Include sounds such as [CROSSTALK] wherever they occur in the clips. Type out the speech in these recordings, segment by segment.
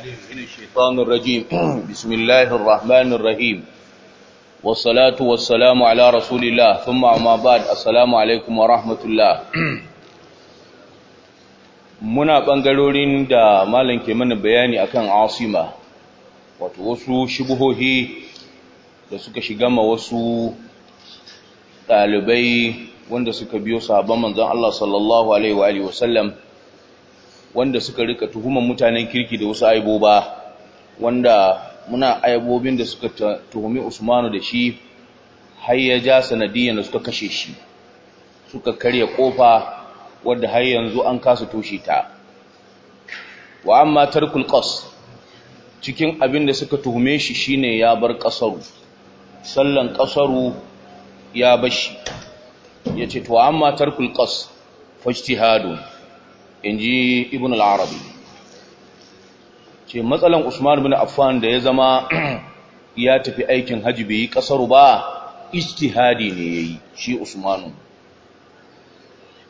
shaitanun rajim bismillahir rahmanir rahim wassalatu wassalamu ala rasulillah thumma amma ba'd assalamu alaikum wa rahmatullah muna bangarorin da malam ke mana bayani akan asima wato wasu shubuhohi da suka shiga ma wasu ɗalibai wanda suka biyo sahabban manzon Allah sallallahu alaihi wa sallam wanda suka rika tuhumar mutanen kirki da wasu aiboba wanda muna aibobin da suka tuhumi Usmanu da shi har ya ja sanadiyan da suka kashe shi suka karya kofa wadda har yanzu an kasa toshe ta wa amma tarkul qas cikin abin da suka tuhume shi shine ya bar kasaru sallan kasaru ya bashi yace to amma tarkul qas fajtihadun in ji ibn al'arabi ce matsalan usman bin affan da ya zama [CLEARS THROAT] ya tafi aikin hajji bai yi ƙasar ba istihadi ne ya yi shi usmanu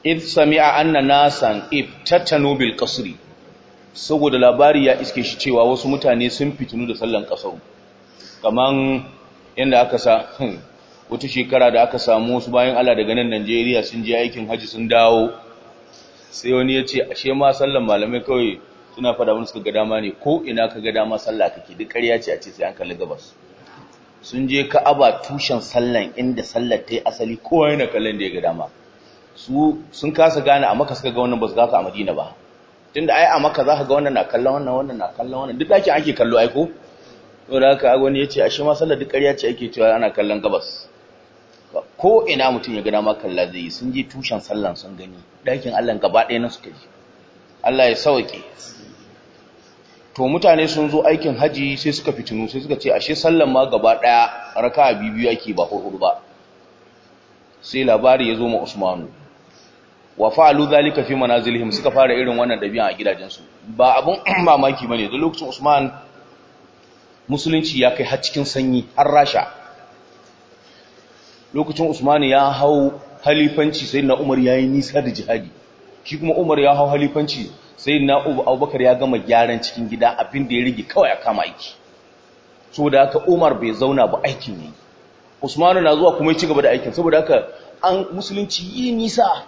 if sami'a anna nasan iftatanu bil qasri saboda labari ya iske shi cewa wasu mutane sun fitinu da tsallon ƙasar kamar yadda aka sa [CLEARS THROAT] wata shekara da aka samu wasu bayan ala daga nan Najeriya sun je aikin hajji sun dawo sai wani ya ce ashe ma sallan malamai kawai suna fada wani suka ga dama ne ko ina ka ga dama sallah kake duk ƙarya ce a ce sai an kalli gabas sun je ka'aba tushen sallan inda sallar ta yi asali kowa yana kallon da ya ga dama su sun kasa gane a maka suka ga wannan ba su gasa a madina ba tunda ai a maka za ka ga wannan na kallon wannan wannan na kallon wannan duk dakin ake kallo ai ko saboda haka wani ya ce ashe ma sallar duk ƙarya ce ake cewa ana kallon gabas ko ina mutum ya ga dama kalla zai yi sun je tushen sallan sun gani ɗakin Allah gaba ɗaya na suka ji Allah ya sauke to mutane sun zo aikin haji sai suka fitinu sai suka ce ashe sallan ma gaba daya raka biyu ake ba hudu ba sai labari ya zo ma Usmanu wa fa'alu zalika fi manazilihim suka fara irin wannan dabi'a a gidajensu ba abun [CLEARS THROAT] mamaki bane da lokacin Usman musulunci ya kai har cikin sanyi har rasha lokacin usmani ya hau halifanci sai na umar ya yi nisa da jihadi shi kuma umar ya hau halifanci sai na abubakar ya gama gyaran cikin gida abin da ya rige kawai a kama aiki so da haka umar bai zauna ba aikin ne. Usmanu na zuwa kuma ya ci gaba da aikin saboda haka an musulunci yi nisa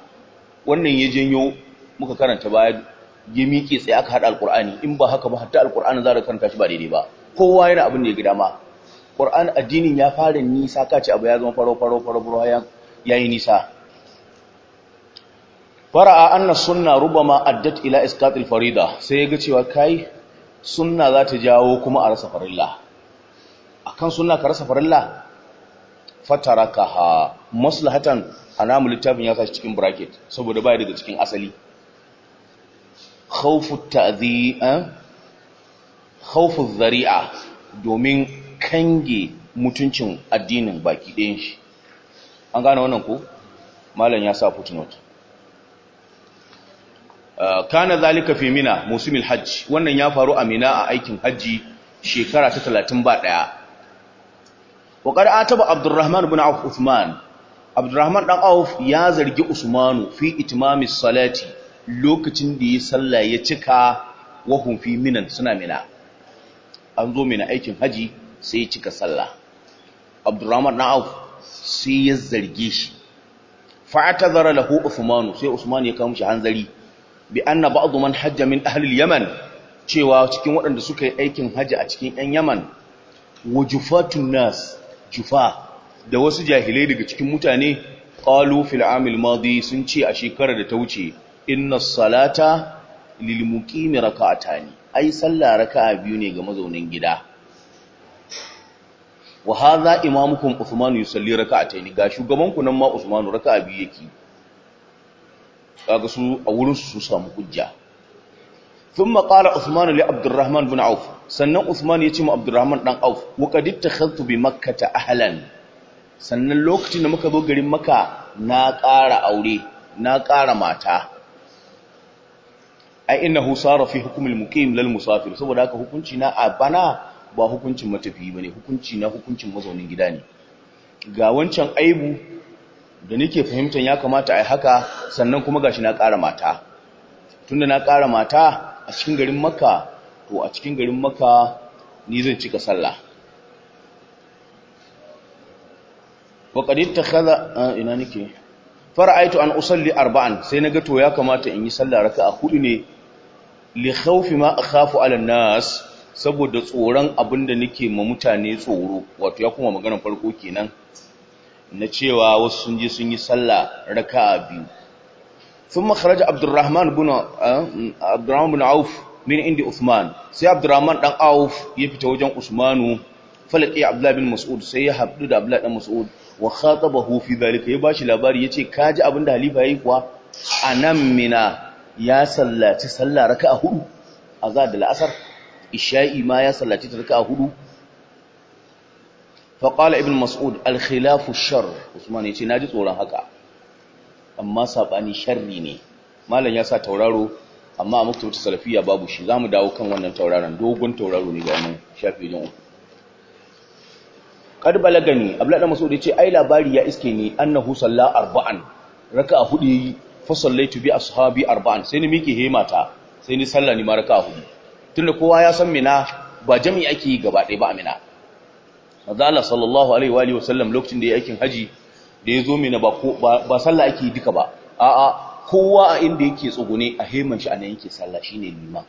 wannan ya janyo muka karanta baya ya miƙe tsaye aka haɗa alƙur'ani in ba haka ba hatta alƙur'ani za ka karanta shi ba daidai ba kowa yana abin da ya ga dama Qur'an addinin ya fara nisa kace abu ya zama faro faro faro ya yi nisa fara'a anna sunna rubama addat ila isqat al-farida sai yaga cewa kai sunna za ta jawo kuma a rasa farilla akan sunna ka rasa farilla ha maslahatan anamu littafin ya sashi cikin bracket saboda bai daga cikin asali khawfu ta'dhi'a eh? khawfu dhari'a domin kange mutuncin addinin baki ɗayan shi an gane wannan ko malam ya sa footnote ah, kana zalika fi mina musimil hajj wannan ya faru a mina a aikin hajji shekara ta talatin 31 wa qad ataba abdurrahman ibn auf Usman, abdurrahman dan auf ya zargi usmanu fi itmami salati lokacin da ya salla ya cika wa hum fi minan suna mina an zo mina aikin hajji sai cika sallah abdurrahman na auf sai ya zarge shi fa'atazara lahu usmanu sai usman ya kawo mishi hanzari bi anna ba'd man hajja min ahli yaman cewa cikin waɗanda suka yi aikin haji a cikin 'yan yaman wujufatun nas jufa da wasu jahilai daga cikin mutane qalu fil amil madi sun ce a shekarar da ta wuce inna salata lil muqimi rak'atani ai sallah raka'a biyu ne ga mazaunin gida wa hadha imamukum Uthman yusalli raka'atayn ga shugaban ku nan ma Usman raka'a biyu yake kaga su a wurin su samu hujja thumma qala Uthman li Abdurrahman bin Auf sannan Usman ya ce mu Abdurrahman dan Auf wa qad ittakhadtu bi makkah ahlan sannan lokacin da muka zo garin Makka na ƙara aure na ƙara mata ai innahu sara fi hukm al-muqim lil musafir saboda haka hukunci na a bana ba hukuncin matafiyi ne hukunci na hukuncin mazaunin gida ne ga wancan aibu da nake fahimtar ya kamata yi haka sannan kuma gashi na ƙara mata tunda na ƙara mata a cikin garin maka to a cikin garin maka ni zan cika sallah wa qad ittakhadha ina nake fara'aitu an usalli arba'an sai na to ya kamata in yi sallah A hudu ne li khawfi ma akhafu ala nas saboda tsoron abin da nake ma mutane tsoro wato ya kuma maganar farko kenan na cewa wasu sun je sun yi sallah raka'a biyu sun makaraja abdurrahman bin eh, abdurrahman bin auf min indi usman sai abdurrahman dan auf ya fita wajen usmanu falaki abdullahi bin mas'ud sai ya habdu da abdullahi dan mas'ud wa khatabahu fi dhalika ya bashi labari ya ka kaji abin da halifa yayi kuwa anan mina ya sallaci sallah raka'a hudu azza da la'asar isha'i ma ya sallace ta raka'a hudu fa qala ibn mas'ud al khilafu shar usman yace naji tsoron haka amma sabani sharri ne malam ya sa tauraro amma a muktaba salafiya babu shi zamu dawo kan wannan tauraron dogon tauraro ne ga mun shafi jin kad balagani abdullahi mas'ud yace ai labari ya iske ni annahu salla arba'an raka'a hudu yi fa sallaitu bi ashabi arba'an sai ni miki hemata sai ni sallah ni ma raka'a hudu tunda kowa ya san mina ba jami'i ake yi gaba ɗaya ba a mina manzo Allah sallallahu alaihi wa alihi wasallam lokacin da ya aikin haji da ya zo mina ba ba sallah ake yi duka ba a'a kowa a inda yake tsugune a heman shi anan yake sallah shine liman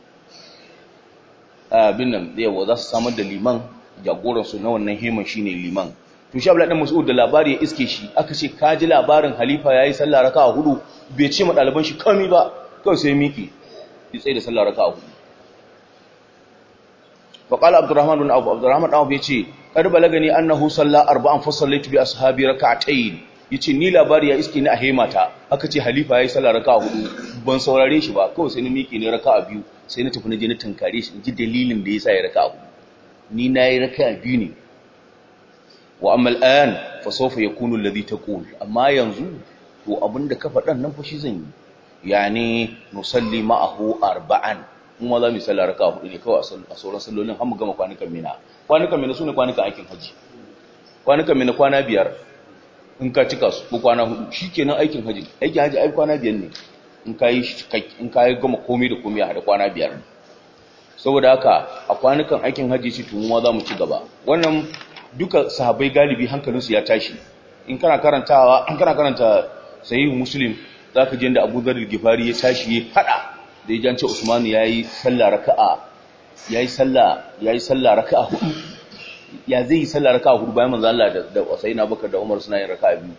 abin nan yawa za su samar da liman jagoran su na wannan heman shine liman to shi abla dan Mas'ud da labari ya iske shi aka ce ka ji labarin halifa yayi sallah raka'a hudu bai ce ma ɗaliban shi kami ba kawai sai miki tsaye da sallah raka'a hudu fa qala abdurrahman bin abu abdurrahman auf yace qad balagani annahu salla arba'an fa sallaitu bi ashabi ya yace ni labari ya iske ni a hemata aka ce halifa ya yi sallar raka hudu ban saurare shi ba kawai sai ni miƙe ne raka'a biyu sai na tafi na je na tankare shi in ji dalilin da sa ya raka'a hudu ni nayi raka'a biyu ne wa amma al'an fa sawfa yakunu alladhi amma yanzu to abinda ka faɗan nan fa shi zan yi yani nusalli ma'ahu arba'an mu ma za mu yi sallah raka hudu ne kawai a sauran sallolin har mu gama kwanukan mina kwanukan mina sune kwanukan aikin haji kwanukan mina kwana biyar in ka cika su ko kwana hudu shikenan aikin haji aikin haji ai kwana biyar ne in ka yi in ka yi gama komai da komai a hada kwana biyar saboda haka a kwanukan aikin haji shi to mu ma za mu ci gaba wannan duka sahabbai galibi hankalinsu ya tashi in kana karantawa in kana karanta sahihu muslim zaka ji inda Abu Dharr al-Ghifari ya tashi ya fada da ya jance Usmanu yi sallah raka'a yayi sallah yi sallah raka'a hudu ya zai yi sallah raka'a hudu bayan manzo Allah da na Abubakar da Umar suna yin raka'a biyu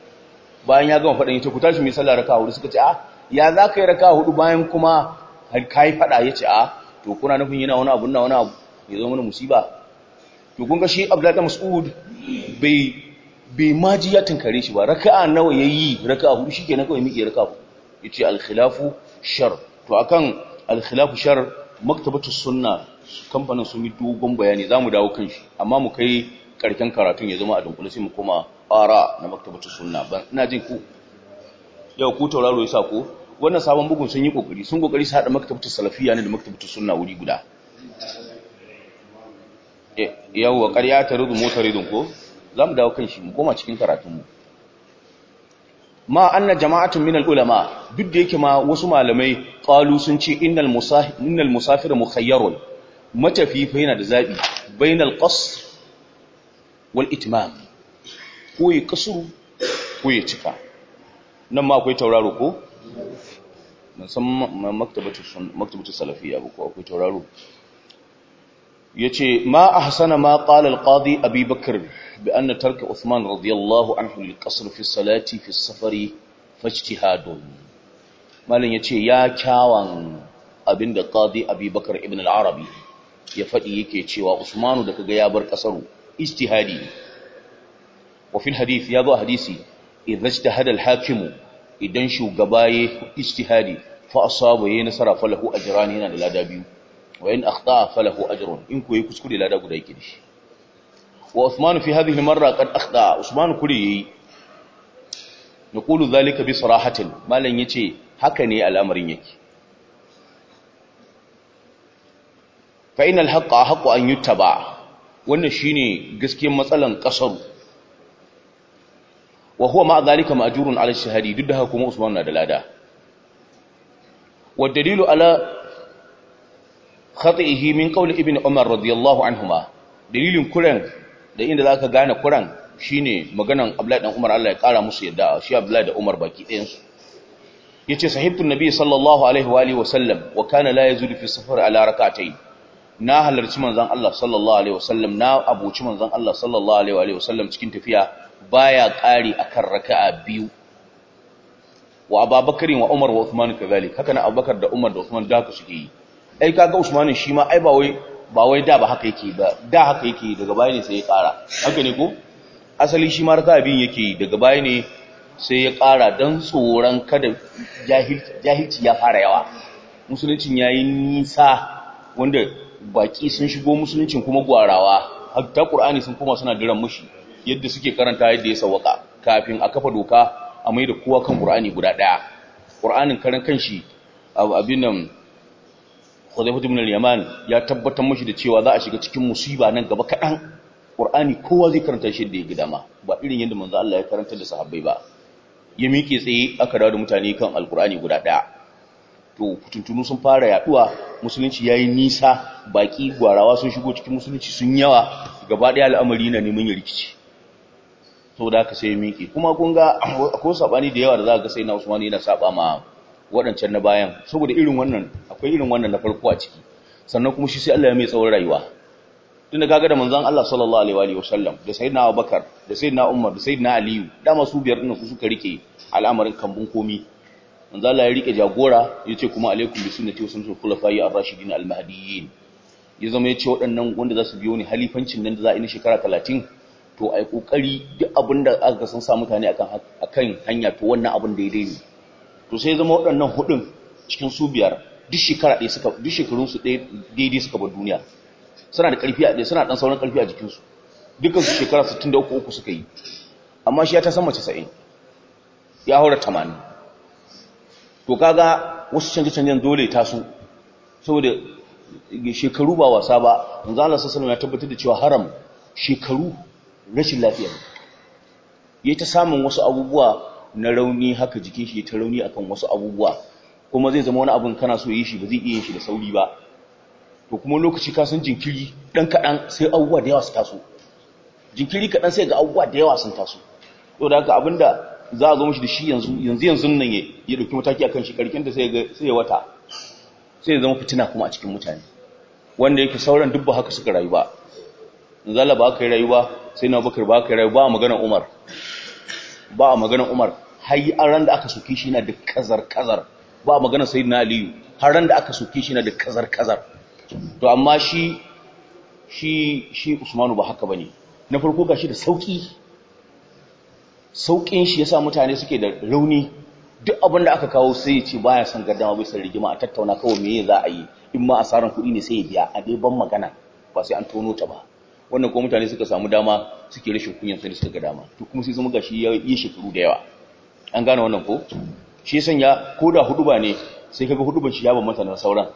bayan ya gama ya yace ku tashi mu yi sallah raka'a hudu suka ce a ah, ya za ka yi raka'a hudu bayan kuma kai fada yace a ah, to kuna nufin yana wani abu na wani abu ya zo mana musiba to kun ga shi Abdullahi Mas'ud bai bai maji ya tankare shi ba raka'a nawa yayi raka'a hudu na kawai miƙe raka'a yace al-khilafu shar to akan al-khilafu shar maktabatu sunna kamfanin sun yi dogon bayani zamu dawo kan shi amma mu kai karken karatun ya zama a dunkule sai mu koma ara na maktabatu sunna ban ina jin ku yau ku tauraro yasa ko wannan sabon bugun sun yi kokari sun kokari su hada maktabatu salafiyya ne da maktabatu sunna wuri guda eh, yawwa ƙarya ta rudu motar ridin ko zamu dawo kan shi mu koma cikin karatunmu ma anna jama'atun minal ulama duk da yake ma wasu malamai qalu sun ce innal musafir innal musafir mukhayyarun matafi fa yana da zabi bainal qasr wal itmam ko ya kasuru ko ya cika nan ma akwai tauraro ko musamman maktabatu salafiyya ko akwai tauraro yace ma hasana ma ƙalal al Abibakar abi bakr bi tarka Usman radiyallahu anhu lil-qasr fi salati fi safari fajtihadun malin yace ya kyawan abinda qadi Abibakar bakr ibn al ya faɗi yake cewa usmanu da kaga ya bar kasaru ijtihadi wa fil hadith ya zo hadisi idza ijtahada al-hakim idan shugaba yayi ijtihadi fa asaba yayi nasara falahu ni yana da lada biyu wa in akhta'a falahu ajrun in koyi kuskure lada guda yake dashi wa Uthman fi hadhihi marra qad akhta'a Uthman kure yayi naqulu dhalika bi sarahatin malan yace haka ne al'amarin yake fa innal haqqa haqqu an yuttaba wannan shine gaskiyar matsalan kasar wa huwa ma dhalika ma'jurun 'ala duk da haka kuma Uthman na da lada wa dalilu khatihi min qawli ibn umar radiyallahu anhuma dalilin kuran da inda zaka gane kuran shine maganan abdullahi dan umar Allah ya kara musu yadda shi abdullahi da umar baki ɗayan su yace sahibtu nabi sallallahu alaihi wa alihi wa sallam wa kana la yazulu fi safar ala rak'atayn na halarci manzon Allah sallallahu alaihi wa sallam na abuci manzon Allah sallallahu alaihi wa alihi wa sallam cikin tafiya baya kari akan raka'a biyu wa ababakarin wa umar wa uthman kadhalik haka na abubakar da umar da uthman da haka suke yi ai kaga usman shi ma ai ba wai ba wai da ba haka yake ba da haka yake daga baya ne sai ya ƙara haka ne ko asali shi ma raka yake daga baya ne sai ya ƙara don tsoron kada jahilci ya fara yawa Musulunci yayi nisa wanda baki sun shigo Musulunci kuma gwarawa ta ƙur'ani sun koma suna diran mushi yadda suke karanta yadda ya sawaka kafin a kafa doka a mai da kowa kan ƙur'ani guda ɗaya ƙur'anin karan kanshi abin nan Huzaifatu ibn al-Yaman ya tabbatar mushi da cewa za a shiga cikin musiba nan gaba kaɗan Qur'ani kowa zai karanta shi da ya ga ba irin yadda manzo Allah ya karanta da sahabbai ba ya miƙe tsaye aka dawo da mutane kan alkur'ani guda daya to fituntunu sun fara yaduwa musulunci yayi nisa baki gwarawa sun shigo cikin musulunci sun yawa gaba ɗaya al'amari na neman ya rikici saboda haka sai ya miƙe kuma kun ga akwai sabani da yawa da za ka ga sai na Usman yana saba ma waɗancan na bayan saboda irin wannan akwai irin wannan na farko a ciki sannan kuma shi sai Allah ya mai tsawon rayuwa tun da kaga da manzon Allah sallallahu alaihi wa sallam da sayyidina Abubakar da sayyidina Umar da sayyidina Ali dama su biyar din su suka rike al'amarin kambun komi manzon Allah ya rike jagora ce kuma alaikum bi sunnati wa sunnatul khulafai ar-rashidin al-mahdiyyin ya zama ya ce waɗannan wanda za su biyo ni halifancin nan da za a yi na shekara talatin to ai kokari duk abinda aka san sa mutane akan hanya to wannan abin daidai ne to sai zama waɗannan hudun cikin su biyar duk shekara ɗaya suka duk shekarun su ɗaya daidai suka bar duniya suna da ƙarfi a ɗaya suna ɗan sauran ƙarfi a jikinsu dukkan su shekara 63 uku suka yi amma shi ya ta sama 90 ya haura 80 to kaga wasu canje-canjen dole ta su saboda shekaru ba wasa ba manzo Allah sallallahu ya tabbatar da cewa haram shekaru rashin lafiya ne yayi ta samun wasu abubuwa na rauni haka jikin shi ta rauni akan wasu abubuwa kuma zai zama wani abin kana so yi shi ba zai iya yin shi da sauri ba to kuma lokaci ka san jinkiri dan kaɗan sai abubuwa da yawa su taso jinkiri kaɗan sai ga abubuwa da yawa sun taso to da haka abinda za a zo mishi da shi yanzu yanzu yanzu nan ya ya dauki mataki akan shi karkin da sai ga sai ya wata sai ya zama fitina kuma a cikin mutane wanda yake sauran dubba haka suka rayu ba zalla ba ka yi rayu ba sai na bakar ba ka yi rayu ba maganar umar ba magana umar hayi ran da aka soke shi yana da kazar-kazar ba magana sai na aliyu har ran da aka soke shi yana da kazar-kazar to amma shi shi shi usmanu ba haka bane na farko ga shi da sauki saukin shi yasa mutane suke da rauni duk abin da aka kawo sai ya ce baya son gaddama bai san rigima a tattauna kawai meye za a yi in ma asaran kuɗi ne sai ya biya a dai ban magana ba sai an tono ta ba wannan kuma mutane suka samu dama suke rashin kunyan sai suka ga dama to kuma sai zama gashi ya yi shekaru da yawa an gane wannan ko shi sanya ko da huduba ne sai kaga huduban shi ya bambanta da sauran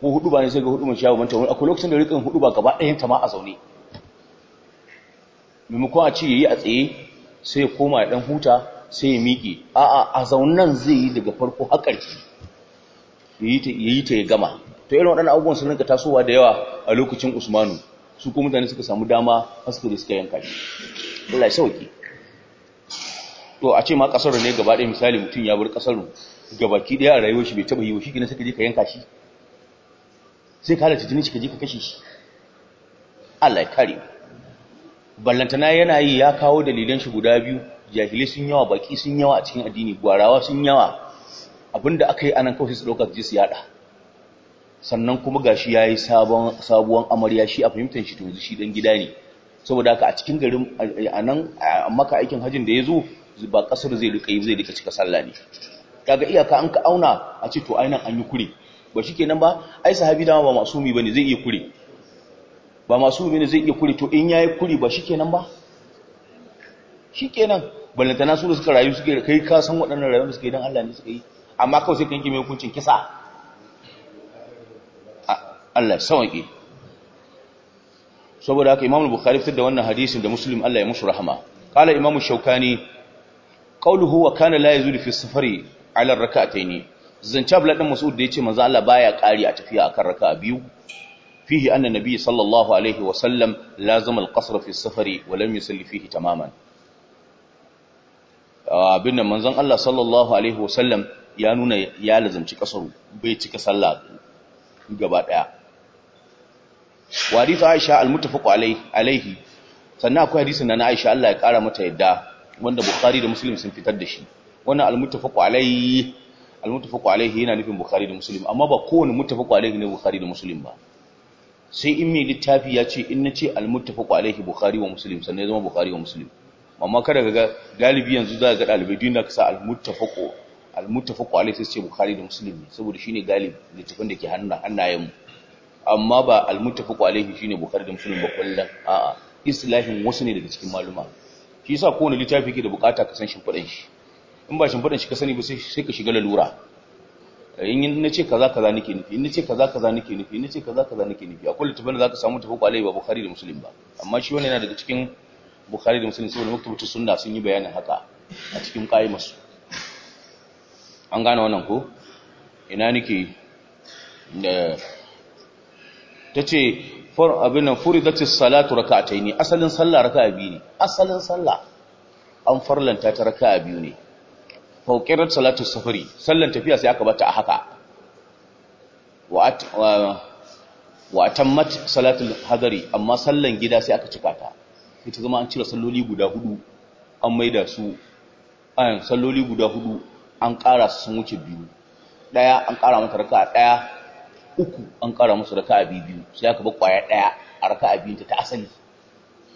ko huduba ne sai kaga huduban shi ya bambanta wani akwai lokacin da rikin huduba gaba ɗayan ta ma a zaune maimakon a ce yayi a tsaye sai ya koma ya dan huta sai ya miƙe a'a a zaunan zai yi daga farko har ƙarshe yayi ta ya gama to irin waɗannan abubuwan sun rinka tasowa da yawa a lokacin Usmanu su ko mutane suka samu dama har suka suka yanka shi Allah ya sauke to a ce ma kasar ne gaba ɗaya misali mutum ya bar kasar gabaki ɗaya a rayuwar shi bai taɓa yi wa shi kina sai ka je ka yanka shi sai ka halatta jini shi ka je ka kashe shi Allah ya kare ballantana yana yi ya kawo dalilan shi guda biyu jahilai sun yawa baki sun yawa a cikin addini gwarawa sun yawa abinda aka yi anan kawai su ɗaukar je su yada sannan kuma gashi ya yi sabuwan amarya shi a fahimtar shi to yanzu shi dan gida ne saboda haka a cikin garin a nan maka aikin hajjin da ya zo ba kasar zai duka yi zai duka cika sallah ne kaga iyaka an ka auna a ce to ainihin an yi kure ba shi kenan ba ai sahabi dama ba masumi ne zai iya kure ba masumi ne zai iya kure to in ya yi kure ba shi kenan ba shi kenan ballantana su da suka rayu suke kai ka san waɗannan rayuwar da suke don Allah ne suka yi amma kawai sai kan yanke mai hukuncin kisa Allah sauke saboda haka Imam Bukhari fitar da wannan hadisin da Muslim Allah ya musu rahama qala Imam Shawkani qawluhu wa kana la yazulu fi safari ala rak'atayn zanci abla dan mas'ud da yace manzo Allah baya kari a tafiya akan raka'a biyu fihi anna nabiy sallallahu alaihi wa sallam lazama al-qasr fi safari wa lam yusalli fihi tamaman abin nan manzon Allah sallallahu alaihi wa sallam ya nuna ya lazanci kasaru bai cika sallah gaba daya wa hadith Aisha al-muttafaq alaihi sannan akwai hadisin na Aisha Allah ya kara mata yadda wanda bukhari da muslim sun fitar da shi wannan almuttafaqu alayhi almuttafaqu alayhi yana nufin bukhari da muslim amma ba kowane muttafaqu alayhi ne bukhari da muslim ba sai in mai littafi ya ce in nace almuttafaqu alayhi bukhari wa muslim sannan ya zama bukhari wa muslim amma kada ga galibi yanzu za ga dalibai duk da ka sa almuttafaqu almuttafaqu alayhi sai ce bukhari da muslim ne saboda shine galibi littafin da ke hannun hannayen amma ba almuttafaqu alayhi shine bukhari da muslim ba kullum a'a islahin wasu ne daga cikin maluma shi yasa kowane littafi yake da bukata ka san shimfiɗan shi in ba shimfiɗan shi ka sani ba sai ka shiga lalura in na ce kaza kaza nake nufi in na ce kaza kaza nake nufi in na ce kaza kaza nake nufi akwai littafin da zaka samu tafi kwalai ba bukhari da muslim ba amma shi wannan yana daga cikin bukhari da muslim saboda ta sunna sun yi bayanin haka a cikin qaimasu an gane wannan ko ina nake da eh, tace far abinan ce salatu raka a taini. asalin sallah a biyu ne asalin sallah an farlanta ta raka a biyu ne faukirar salatu safari sallan tafiya sai aka bata a haka wa atammat salatu hadari amma sallan gida sai aka cika ta sai zama an cire salloli guda hudu an maida su an salloli guda hudu an ƙara su sun wuce biyu daya an ƙara mata raka daya uku an ƙara musu raka'a biyu sai aka bar kwaya ɗaya a raka'a biyu ta asali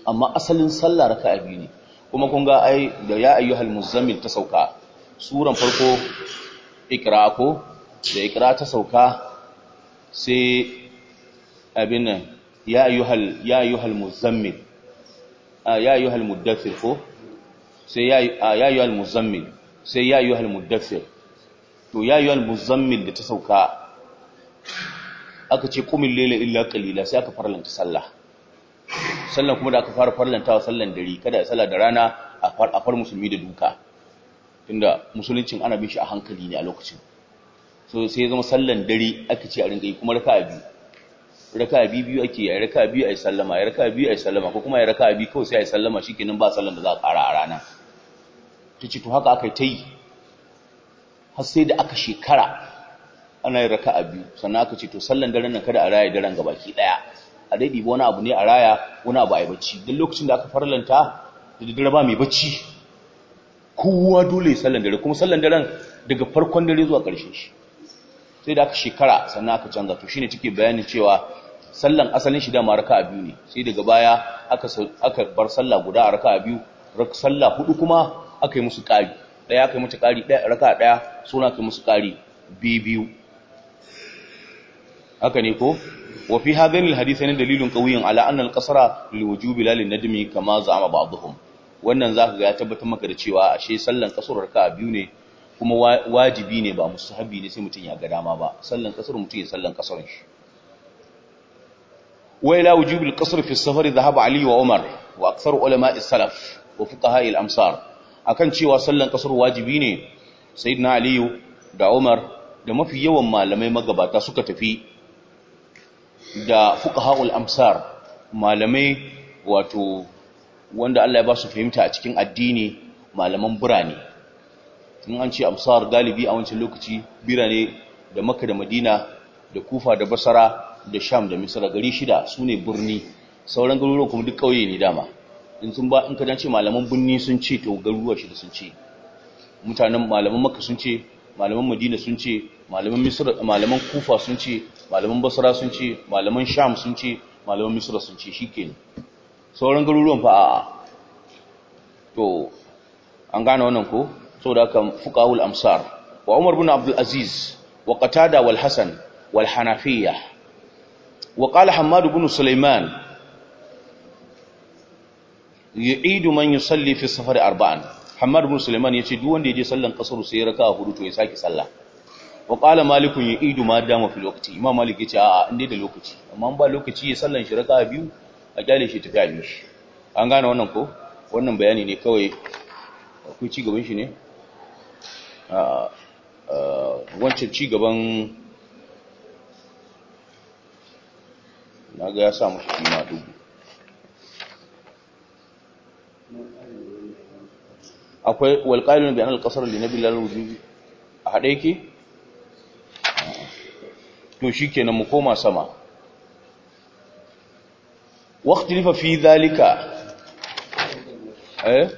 amma asalin sallah raka'a biyu ne kuma kun ga ai da ya ayyuhal muzammil ta sauka suran farko ikra ko da ikra ta sauka sai abin ya ayyuhal ya ayyuhal muzammil ya ayyuhal muddathir ko sai ya ayyuhal muzammil sai ya ayyuhal muddathir to ya ayyuhal muzammil da ta sauka aka ce kumin lele illa Kalila sai aka farlanta sallah sallan kuma da aka fara farlantawa sallan dare kada sallah da rana a far a far musulmi da duka tunda musuluncin ana bin shi a hankali ne a lokacin so sai ya zama sallan dare aka ce a rinka yi kuma raka'a biyu raka'a biyu biyu ake yi raka'a biyu ai sallama ai raka'a biyu ai sallama ko kuma ai raka'a biyu kawai sai ai sallama shikenan ba sallan da za a ƙara a rana tace to haka aka yi ta yi har sai da aka shekara ana yin raka'a biyu sannan aka ce to sallan daren nan kada a raya daren gabaki daya a dai dibi wani abu ne a raya wani abu a yi bacci duk lokacin da aka farlanta da daddare ba mai bacci kowa dole ya sallan dare kuma sallan daren daga farkon dare zuwa ƙarshen shi sai da aka shekara sannan aka canza to shine cike bayanin cewa sallan asalin shi dama raka'a biyu ne sai daga baya aka aka bar sallah guda a raka'a biyu sallah hudu kuma aka yi musu ƙari daya aka yi musu ƙari daya raka'a daya suna ka yi musu ƙari biyu biyu haka ne ko wa fi hadhal hadith ne dalilin qawiyyun ala anna al-qasra lil wujubi nadmi kama za'ama ba'dhum wannan zaka ga ya tabbatar maka da cewa ashe sallan kasurar ka biyu ne kuma wajibi ne ba mustahabi ne sai mutun ya ga dama ba sallan kasar mutun ya sallan kasurin shi wa ila qasr fi as-safar ali wa umar wa akthar ulama as-salaf wa fuqaha al-amsar akan cewa sallan kasar wajibi ne sayyidina ali da umar da mafi yawan malamai magabata suka tafi da fuqahaul amsar malamai wato wanda Allah ya ba su fahimta a cikin addini malaman birane in an ce amsar galibi a wancan lokaci birane da Makka da Madina da Kufa da basara, da Sham da Misra gari shida sune birni sauran garuruwan kuma duk kauye ne dama in sun ba in ka dace malaman birni sun ce to garuruwa shida sun ce mutanen malaman Makka sun ce malaman Madina sun ce malaman misra malaman kufa sun ce malaman basra sun ce malaman sham sun ce malaman misra sun ce shikenan sauran garuruwan fa a to an gane wannan ko saboda haka fuqahul amsar wa umar ibn abdul aziz wa qatada wal hasan wal hanafiya wa qala hammad ibn sulaiman yu'idu man yusalli fi safar arba'an hammad ibn sulaiman yace duk wanda yaje sallan kasar sai raka'a hudu to ya saki sallah wa qala malikun yu'idu ma dama fi lokaci imam malik yace a'a inde da lokaci amma ba lokaci ya sallan shi raka'a biyu a kyale shi tafi abin shi an gane wannan ko wannan bayani ne kawai akwai ci gaban shi ne a wancan ci gaban ga ya sa shi ma dubu akwai walqalun bi an al-qasr li nabi lallahu a hade yake to shikenan mu koma sama waqtilifa fi dhalika eh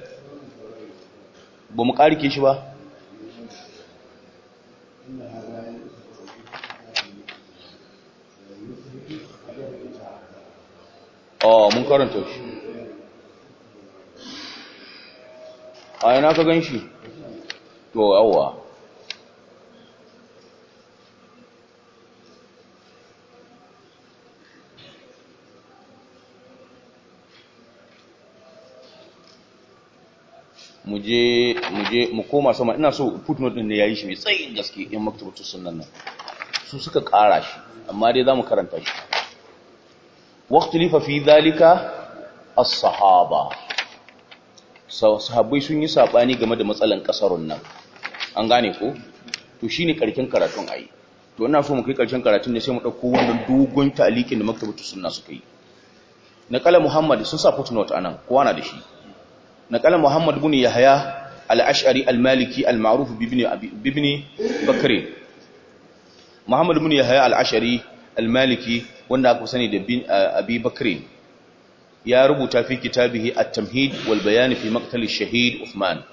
ba mu karike shi ba Oh, mun karanta shi. A yana ka gan shi? To, awa. muje muje mu koma sama ina so footnote din ne yayi shi mai tsayi gaske in maktubatu sunnan nan su suka ƙara shi amma dai zamu karanta shi waqtilifa fi dhalika as-sahaba sahabbai sun yi sabani game da matsalan kasarun nan an gane ko to shine karkin karatun ayi to ina so mu kai karshen karatun ne sai mu dauko wannan dogon talikin da maktubatu sunna suka yi na kala muhammad sun sa footnote anan kowa na da shi نقل محمد بن يحيى الأشعري المالكي المعروف بابن بابن بكر محمد بن يحيى الأشعري المالكي wanda aka sani da bin abi ya rubuta fi kitabihi at-tamhid wal bayan fi maqtal shahid Uthman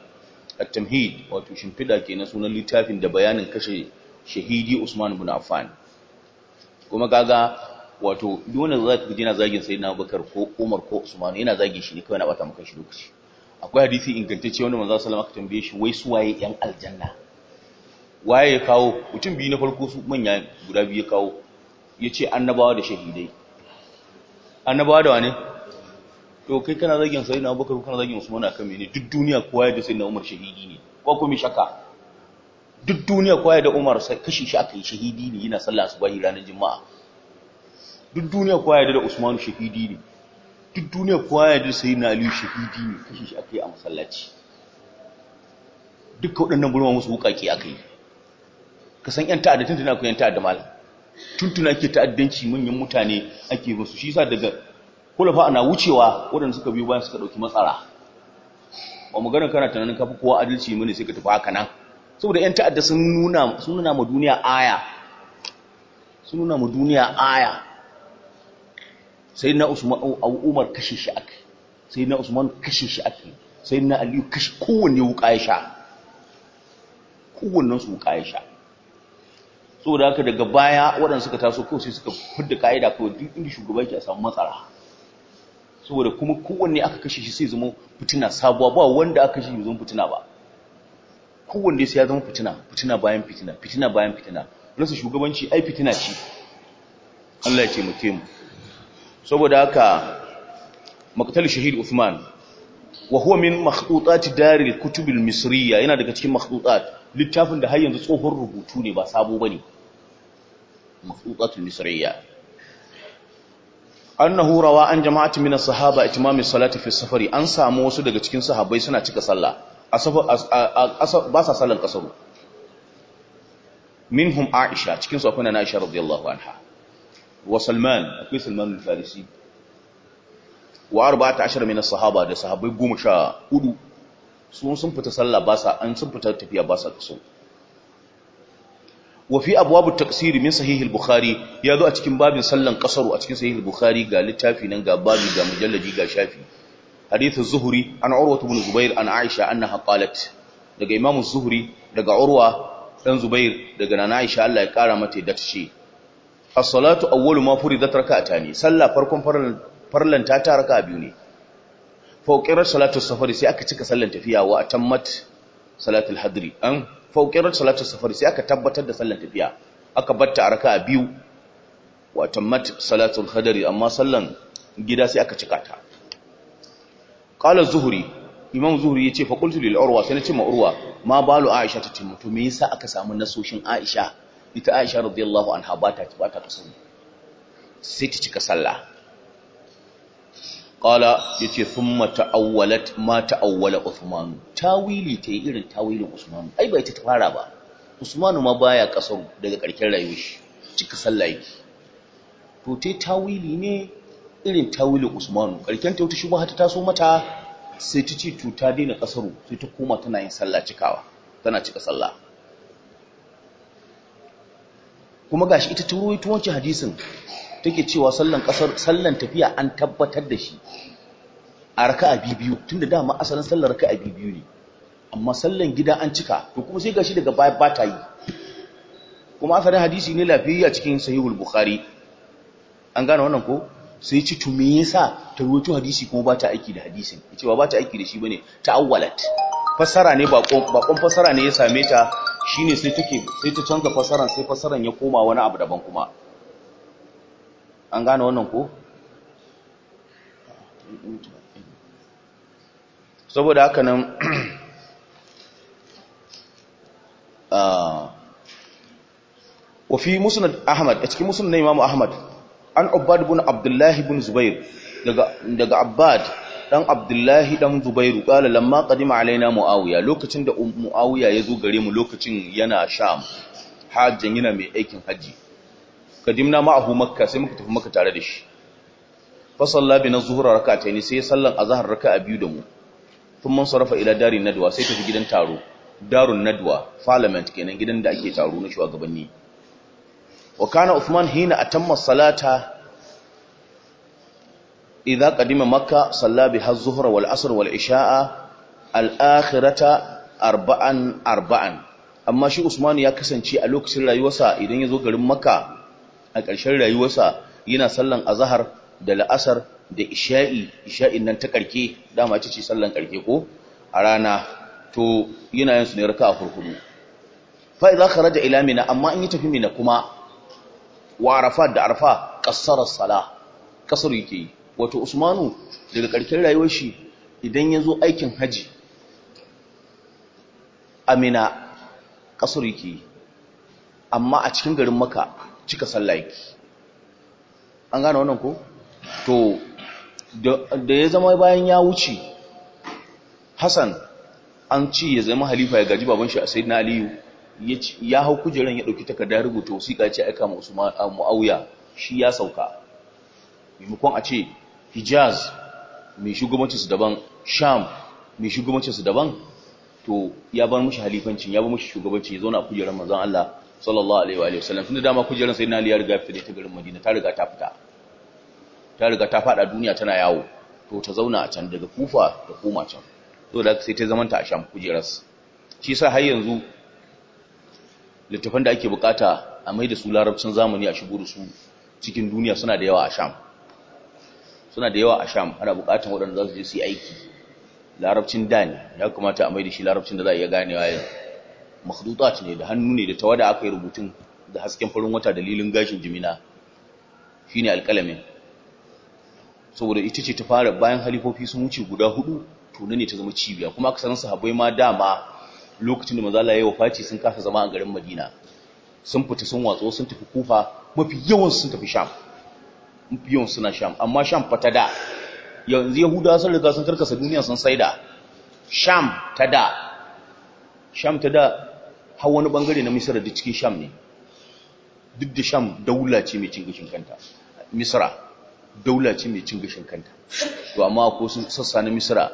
at-tamhid wato shimfida kenan sunan littafin da bayanin kashe shahidi Usman ibn Affan kuma kaga wato duk wanda zaka ji zagin sayyidina Abubakar ko Umar ko Usman yana zagin shi ne kawai na bata maka shi lokaci akwai hadisi ingantacce wanda manzo sallallahu alaihi aka tambaye shi wai su waye yan aljanna waye ya kawo mutum biyu na farko su manya guda biyu ya kawo yace annabawa da shahidai annabawa da wane to kai kana zagin sayyidina abubakar kana zagin usman akan mene duk duniya kowa ya da sayyidina umar shahidi ne ko ko mi shakka duk duniya kowa ya da umar sai kashi shi yi shahidi ne yana sallah asubahi ranar juma'a duk duniya kowa ya da usman shahidi ne duk duniya kowa ya ji sai na aliyu shahidi ne kashe shi aka yi a masallaci duka waɗannan gurma musu ke aka yi ka san yan ta'adda tuntuna akwai yan ta'adda malam tuntuna ake ta'addanci manyan mutane ake basu shi sa daga kulafa ana wucewa waɗanda suka biyo bayan suka ɗauki matsara ba maganar kana tunanin kafi kowa adalci ne sai ka tafi haka nan saboda yan ta'adda sun nuna ma duniya aya sun nuna ma duniya aya sai na usman umar kashe shi ake. sai na usman kashe shi ake. sai na aliyu kashe kowanne wuka ya sha Kowannensu su wuka ya sha da haka daga baya waɗanda suka taso kawai sai suka fudda ka'ida kawai duk inda ke a samu matsala saboda kuma kowanne aka kashe shi sai zama fitina sabuwa ba wanda aka kashe shi zama fitina ba kowanne sai ya zama fitina fitina bayan fitina fitina bayan fitina rasa shugabanci ai fitina ce Allah ya taimake mu saboda haka maktal shahid Uthman wa huwa min makhdutat daril kutub al misriya yana daga cikin makhdutat littafin da har yanzu tsohon rubutu ne ba sabo bane makhdutat al misriya annahu rawa an jama'atin min as-sahaba itmam as-salati fi safari an samu wasu daga cikin sahabbai suna cika sallah ba sa sallan kasaru minhum aisha cikin su akwai na aisha radiyallahu anha wa salman akwai salman al-farisi wa arba'ata ashar min as-sahaba da sahabbai goma sha hudu sun fita sallah ba an sun fita tafiya ba sa kaso wa fi abwab at-taqsir bukhari ya zo a cikin babin sallar qasaru a cikin sahih al-bukhari ga littafi nan ga babi ga mujalladi ga shafi zuhri an zubair an aisha annaha qalat daga imam zuhri daga urwa dan zubair daga nana aisha Allah ya kara mata da tace as-salatu awwalu ma furidat rak'atani sallah farkon farlan ta ta raka'a biyu ne fawqirat salatu safari sai aka cika sallan tafiya wa atammat al hadri an fawqirat salatu safari sai aka tabbatar da sallan tafiya aka batta a raka'a biyu wa atammat al hadri amma sallan gida sai aka cika ta qala zuhri imam zuhri yace fa qultu lil urwa sai nace ma urwa ma balu aisha ta timu to me yasa aka samu nasoshin aisha ita Aisha radiyallahu anha ba ta ba ta kasaru sai ta cika sallah qala yace thumma ta'awwalat ma ta'awwala Uthman tawili ta yi irin tawilin Usman ai bai ta fara ba Usman ma baya kaso daga karkin rayuwar shi cika sallah yake to tai tawili ne irin tawilin Usmanu, karkin ta wata shubha ta taso mata sai ta ce to ta daina kasaru sai ta koma tana yin sallah cikawa tana cika sallah kuma gashi ita ta ruwaito wancan hadisin take cewa sallan kasar sallan tafiya an tabbatar da shi a raka'a biyu tunda dama asalin sallar raka'a biyu ne amma sallan gida an cika to kuma sai gashi daga baya ba ta yi kuma asalin hadisi ne lafiya cikin sahihul bukhari an gane wannan ko sai ci to me yasa ta ruwaito hadisi kuma ba ta aiki da hadisin cewa ba ta aiki da shi bane ta awwalat fassara ne ba kon fassara ne ya same ta shine sai take sai ta canza fasaran sai fasaran ya koma wani abu daban kuma an gane wannan ko saboda haka nan [CLEARS THROAT] ah, wa fi musnad ahmad a cikin musnad na imamu ahmad an abbad ibn abdullahi ibn zubair daga daga abbad dan abdullahi dan zubairu qala lamma qadima alaina muawiya lokacin da um-, muawiya ya zo gare mu lokacin yana sham hajjin yana mai aikin haji kadimna hu makka sai muka tafi makka tare da shi fa salla bina raka rak'ataini sai sallan azhar rak'a biyu da mu mun sarrafa ila darin nadwa sai tafi gidan taro darun nadwa parliament kenan gidan da ake taro na shugabanni wa kana usman hina atamma salata idza qadima makka salla biha az-zuhra wal asr wal arba'an arba'an amma shi Usman ya kasance a lokacin rayuwarsa idan ya zo garin Makka a ƙarshen rayuwarsa yana sallan azahar da la'asar da isha'i isha'in nan ta karke dama ce ce sallan karke ko a rana to yana yin su ne fa idza kharaja ila mina amma in yi tafi Minna kuma Warafa da arfa ƙasar as-salah yake yi wato usmanu daga karkin rayuwar shi idan ya zo aikin haji amina ƙasar yake amma a cikin garin maka cika sallah yake an gane wannan ko to da ya zama bayan ya wuce hassan an ci ya zama halifa ya gaji baban shi a sayyidina aliyu ya hau kujeran ya ɗauki takardar rubuta wasiƙa ce aika ma'auya, shi ya sauka maimakon a ce hijaz mai shugabancinsu daban sham mai shugabancinsu daban to ya bar mushi halifancin ya bar mushi shugabancin ya zauna a kujerar manzon Allah sallallahu alaihi wa sallam tunda dama kujerar sai na ya riga fita ta garin Madina ta riga ta fita ta riga ta fada duniya tana yawo to ta zauna a can daga Kufa da koma can to da sai ta zamanta a Sham kujerar shi sa har yanzu littafan da ake bukata a mai da su larabcin zamani a shigo da su cikin duniya suna da yawa a Sham suna da yawa a sham ana bukatun waɗanda za su je su yi aiki larabcin da ne ya kamata a mai da shi larabcin da za a iya ganewa yanzu makhdutat ne da hannu ne da tawada aka yi rubutun da hasken farin wata dalilin gashin jimina ne alƙalamin saboda ita ce ta fara bayan halifofi sun wuce guda hudu to ne ta zama cibiya kuma aka san sahabbai ma dama lokacin da manzo Allah ya wafaci sun kasa zama a garin Madina sun fita sun watso sun tafi Kufa mafi yawan sun tafi Sham biyun suna sham amma sham fata da yanzu Yahuda sun riga sun karkasa duniya sun saida sham ta da sham ta da har wani bangare na Misira da cikin sham ne duk da sham daula ce mai cin gashin kanta misira daula ce mai cin gashin kanta to amma ko sun sassa na misira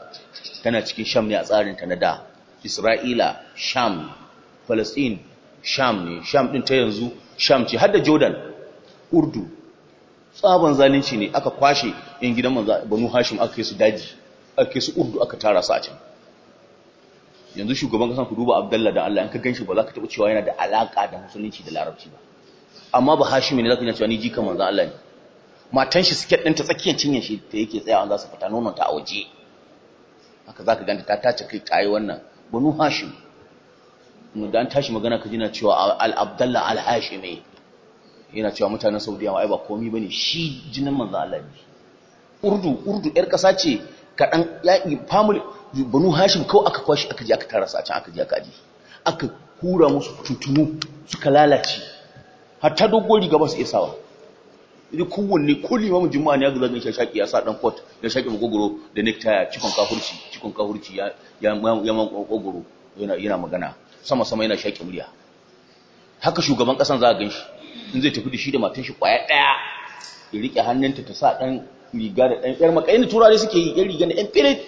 tana cikin sham ne a tsarin ta na da isra'ila sham palestine sham ne sham din ta yanzu sham ce har da jordan urdu tsaban zalunci ne aka kwashe yin gidan banu hashim aka kai su daji aka kai su urdu aka tara su a can yanzu shugaban kasan ku duba abdalla da Allah in ka ganshi ba za ka taba cewa yana da alaƙa da musulunci da larabci ba amma ba hashim ne za ka yana cewa ni jika za Allah ne matan shi siket ɗinta tsakiyar cinyar shi ta yake tsayawa za su fita nonon ta a waje haka za ka ganta ta tace kai ta yi wannan banu hashim mu an tashi magana ka jina cewa al-abdalla al-hashimi yana cewa mutanen saudiya wa ba komi bane shi jinin manzo Allah ne urdu urdu yar kasa ce kaɗan yaki family banu hashim kawai aka kwashi aka je aka tara su a can aka je aka aje aka kura musu tutunu suka lalace har ta dogori ba su isawa sawa idan kowanne ko limamin juma'a ne ya zaga shi shaki ya sa dan court ya shaki magogoro da necktie cikon kafurci cikon kafurci ya ya magogoro yana yana magana sama sama yana shaki murya haka shugaban kasan za a ganshi in zai tafi da shi da matan shi kwaya daya ya rike hannunta ta sa dan riga da dan yar makayin turare suke yi yar riga da yan firit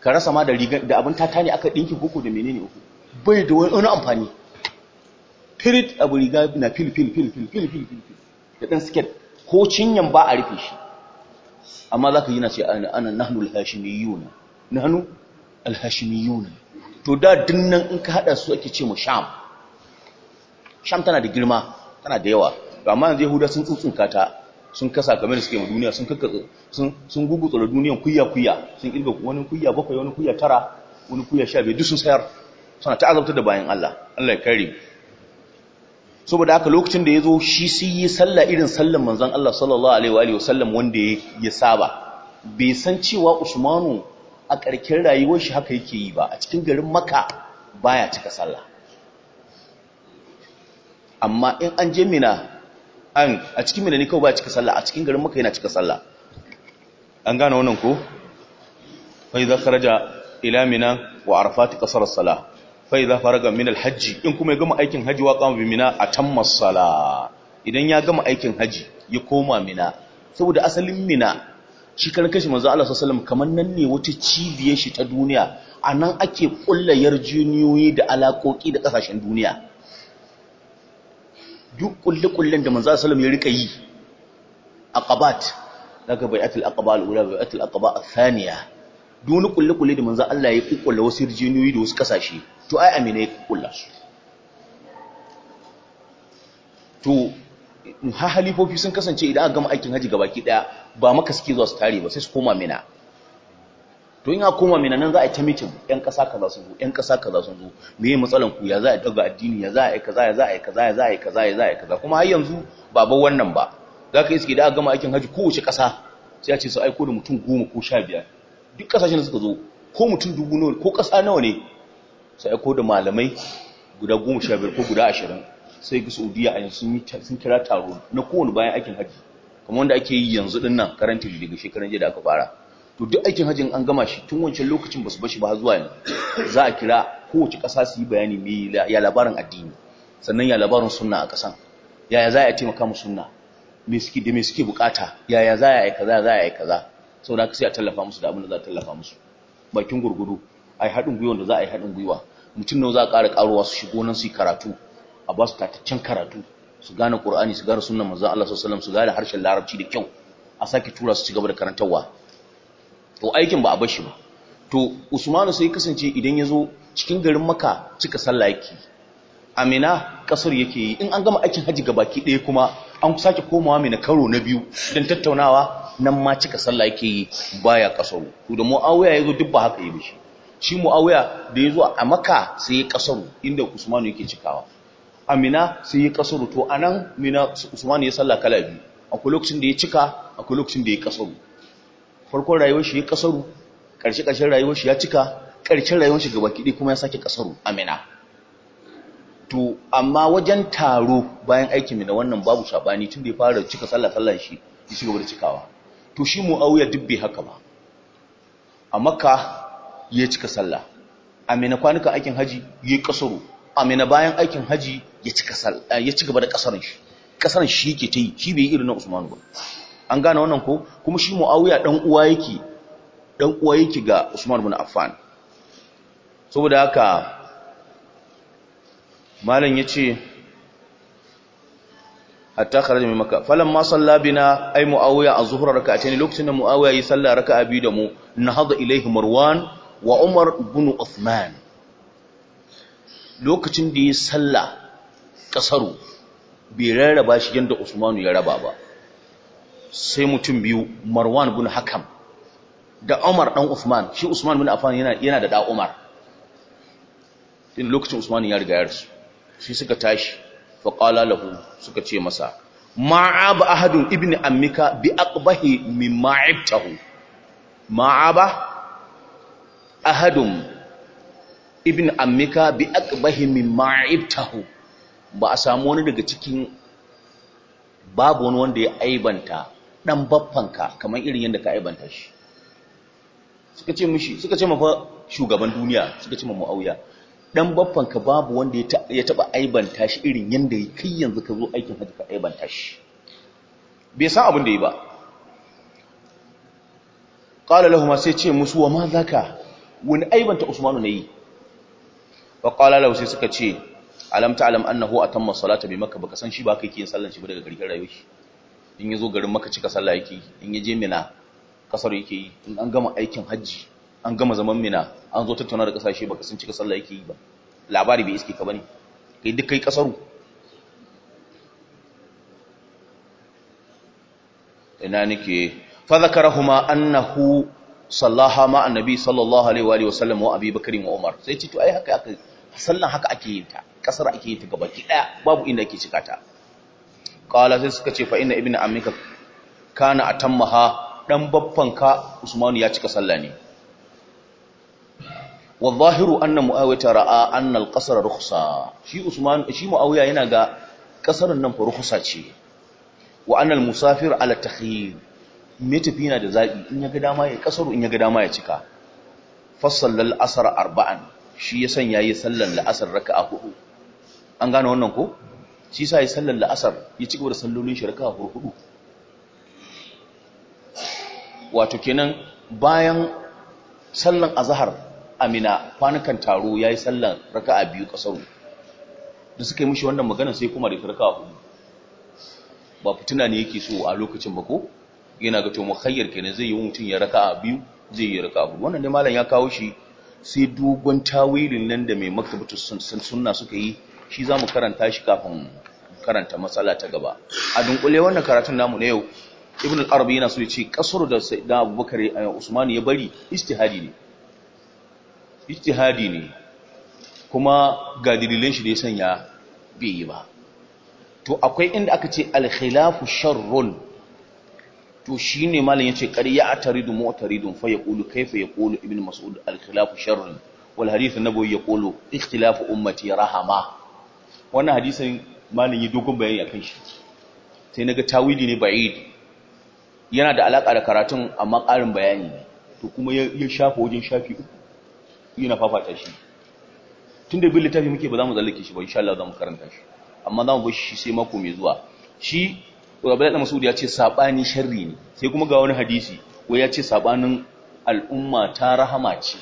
ka rasa ma da riga da abin tata ne aka dinki goko da menene uku bai da wani amfani firit abu riga na fil fil fil fil fil fil fil da dan sket ko cinyan ba a rufe shi amma zaka yi na ce ana nahnu al hashimiyun nahnu al-hashimiyuna to da dinnan in ka hada su ake ce mu sham sham tana da girma tana da yawa amma yanzu yahuda sun tsuntsunka ta sun kasa kamar da suke ma duniya sun kakka sun gugu tsoro duniya kuyya kuyya sun kirga wani kuyya bakwai wani kuyya tara wani kuyya sha biyu duk sun sayar suna ta azabtar da bayan Allah Allah ya kare saboda haka lokacin da ya zo shi sai yi sallah irin sallan manzon Allah sallallahu alaihi wa sallam wanda ya saba bai san cewa Usmanu a ƙarƙin rayuwar shi haka yake yi ba a cikin garin Makka baya cika sallah amma in an je mina an a cikin mina ne kawai ba cika sallah a cikin garin maka yana cika sallah an gane wannan ko fa idza kharaja ila mina wa arafat qasara salah fa idza faraga min alhajj in kuma ya gama aikin haji wa qama bi mina atamma salah idan ya gama aikin haji ya koma mina saboda asalin mina shi kan kashi manzo Allah sallallahu alaihi wasallam kaman nan ne wata cibiyar shi ta duniya anan ake kullayar jiniyoyi da alakoki da kasashen duniya duk kulle-kullen da manzo Salam ya rika yi aqabat daga bai'atul aqaba al-ula bai'atul aqaba al-thaniya duk wani kulle-kulle da manzo Allah ya kukkulla wasu rijiniyoyi da wasu kasashe to ai amina ya kukkulla su to ha halifofi sun kasance idan aka gama aikin haji gabaki daya ba maka suke zuwa su tare ba sai su koma mina to in koma mina nan za a yi ta mitin yan ƙasa kaza sun zo yan ƙasa kaza sun zo meye matsalan ku ya za a daga addini ya za a yi kaza ya za a yi kaza ya za a yi kaza ya za a yi kaza kuma har yanzu ba ba wannan ba za ka iske da aka gama aikin haji kowace ƙasa sai a ce su aiko da mutum goma ko sha biyar duk ƙasashen da suka zo ko mutum dubu nawa ko ƙasa nawa ne sai aiko da malamai guda goma sha biyar ko guda ashirin sai ga saudiya a yanzu sun kira taro na kowane bayan aikin haji kamar wanda ake yi yanzu din nan karanta daga shekaran jiya da aka fara to duk aikin hajjin an gama shi tun wancan lokacin ba su bashi ba zuwa yanzu za a kira kowace ƙasa su yi bayani mai ya labarin addini sannan ya labarin sunna a ƙasan yaya za a taimaka mu sunna me suke da me suke bukata yaya za a yi kaza za a yi kaza saboda haka sai a tallafa musu da abin za a tallafa musu bakin gurguru a yi haɗin gwiwa da za a yi haɗin gwiwa mutum nawa za a ƙara ƙaruwa su shigo nan su yi karatu a ba su tataccen karatu su gane ƙur'ani su gane sunan manzon Allah sallallahu su gane harshen larabci da kyau a sake tura su ci gaba da karantarwa to aikin ba a bashi ba to usmanu sai kasance idan ya zo cikin garin maka cika sallah yake amina kasar yake yi in an gama aikin haji baki ɗaya kuma an sake komawa mai na karo na biyu don tattaunawa nan ma cika sallah yake yi baya kasaru to da muawiya ya zo duk ba haka yi bishi shi muawiya da ya zo a maka sai ya kasaru inda usmanu yake cikawa amina sai ya kasaru to anan mina usmanu ya sallah kala biyu akwai lokacin da ya cika akwai lokacin da ya kasaru farkon rayuwar shi ya kasaru ƙarshe ƙarshen rayuwar shi ya cika ƙarshen rayuwar shi gaba kiɗi kuma ya sake kasaru amina to amma wajen taro bayan aikin mina wannan babu sabani tun da ya fara cika sallah sallah shi ya ci gaba da cikawa to shi mu duk bai haka ba a makka ya cika sallah amina kwanuka aikin haji ya yi kasaru amina bayan aikin haji ya ci gaba da kasarin shi kasarin shi yake ta yi shi bai yi irin na Usmanu ba an gane wannan ko kuma shi muawiya dan uwa yake dan uwa yake ga usman ibn affan saboda haka malam yace hatta kharaja min falam ma salla bina ay muawiya az-zuhra rak'atayn lokacin da muawiya yi sallah raka biyu da mu nahada ilayhi marwan wa umar ibn uthman lokacin da yi sallah kasaru bai rarraba shi yanda usmanu ya raba ba sai mutum biyu marwan bin hakam da umar dan usman shi usman bin afan yana da da umar din lokacin usman ya riga ya rasu shi suka tashi fa qala lahu suka ce masa ma'aba ahadun ibni ammika bi aqbahi mimma ibtahu ma'aba ahadun ibni ammika bi aqbahi mimma ibtahu ba a samu wani daga cikin babu wani wanda ya aibanta dan baffanka kamar irin yadda ka aibanta shi suka ce mishi suka ce mafa shugaban duniya suka ce mamu auya dan baffanka babu wanda ya taba aibanta shi irin yadda kai yanzu ka zo aikin hajji ka aibanta shi bai san abin da yi ba ƙala lahum sai ce musu wa ma zaka wani aibanta usmanu yi ba ƙala lahu sai suka ce alam ta'lam annahu tamma salata bi maka baka san shi ba kai yin sallan shi ba daga gargar rayuwa shi in ya zo garin maka cika sallah yake yi in ya je mina kasar yake yi in an gama aikin hajji an gama zaman mina an zo tattauna da kasashe baka sun cika sallah yake yi ba labari bai iske ka bane kai duk kai kasaru ina nake fa zakarahuma annahu sallaha ma annabi sallallahu alaihi wa alihi wa abi bakari wa umar sai ce to ai haka haka sallan haka ake yin ta kasar ake yin ta gaba ki daya babu inda ake cika ta qala sai suka ce fa inna ibnu ammika kana atammaha dan baffanka usmanu ya cika sallah ne والظاهر أن معاوية رأى أن القصر رخصة شي عثمان شي معاوية yana ga kasarin nan fa ce wa anna al-musafir ala takhyir me tafi yana da zabi in yaga ya kasaru dama ya cika fassal al arba'an shi ya sanya yi sallan al-asr raka'a an gane wannan ko shi sa ya sallar la'asar ya ci gaba da sallolin shirka a hurhudu wato kenan bayan sallan azahar amina kwanukan taro ya yi sallan raka a biyu kasar da suka yi mishi wannan magana sai kuma da ita raka a hudu ba fitina ne yake so a lokacin bako yana ga to mukhayyar kenan zai yi mutum ya raka a biyu zai yi raka a hudu wannan ne malam ya kawo shi sai dogon tawilin nan da mai maktabatu sunna suka yi shi za mu karanta shi kafin karanta matsala ta gaba a dunkule wannan karatun namu na yau ibn al-arabi yana so ya ce kasar da sayyidina abubakar eh, usman ya bari ijtihadi ne ijtihadi ne kuma ga dalilan shi da ya sanya bai yi ba to akwai inda aka ce al-khilafu sharrun to shine malam yace qariya ataridu mu'taridun fa yaqulu kayfa yaqulu ibn mas'ud al-khilafu sharrun wal hadith an-nabawi yaqulu ikhtilafu ummati rahama wannan hadisin malin yi dogon bayani akan shi sai naga tawili ne ba'id yana da alaka da karatun amma ƙarin bayani ne to kuma ya shafa wajen shafi uku yana fafata shi tunda bin littafi muke ba za mu zallake shi ba insha Allah za mu karanta shi amma za mu bar shi sai mako mai zuwa shi Abdullahi da Mas'ud ya ce sabani sharri ne sai kuma ga wani hadisi wai ya ce sabanin al'umma ta rahama ce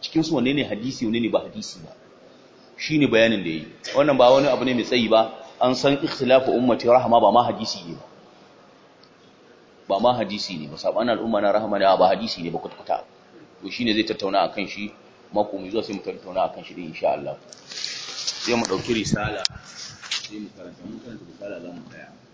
cikin su wanne ne hadisi wanne ne ba hadisi ba shine bayanin da yayi wannan ba wani abu ne mai tsayi ba an san ikhtilafu ummati rahama ba ma hadisi ne ba ma hadisi ne ba saban al'umma na rahama ne ba hadisi ne ba kutukuta to shine zai tattauna akan shi mako mu zuwa sai mu tattauna akan shi din insha Allah sai mu dauki risala sai mu karanta mu karanta risala zamu tsaya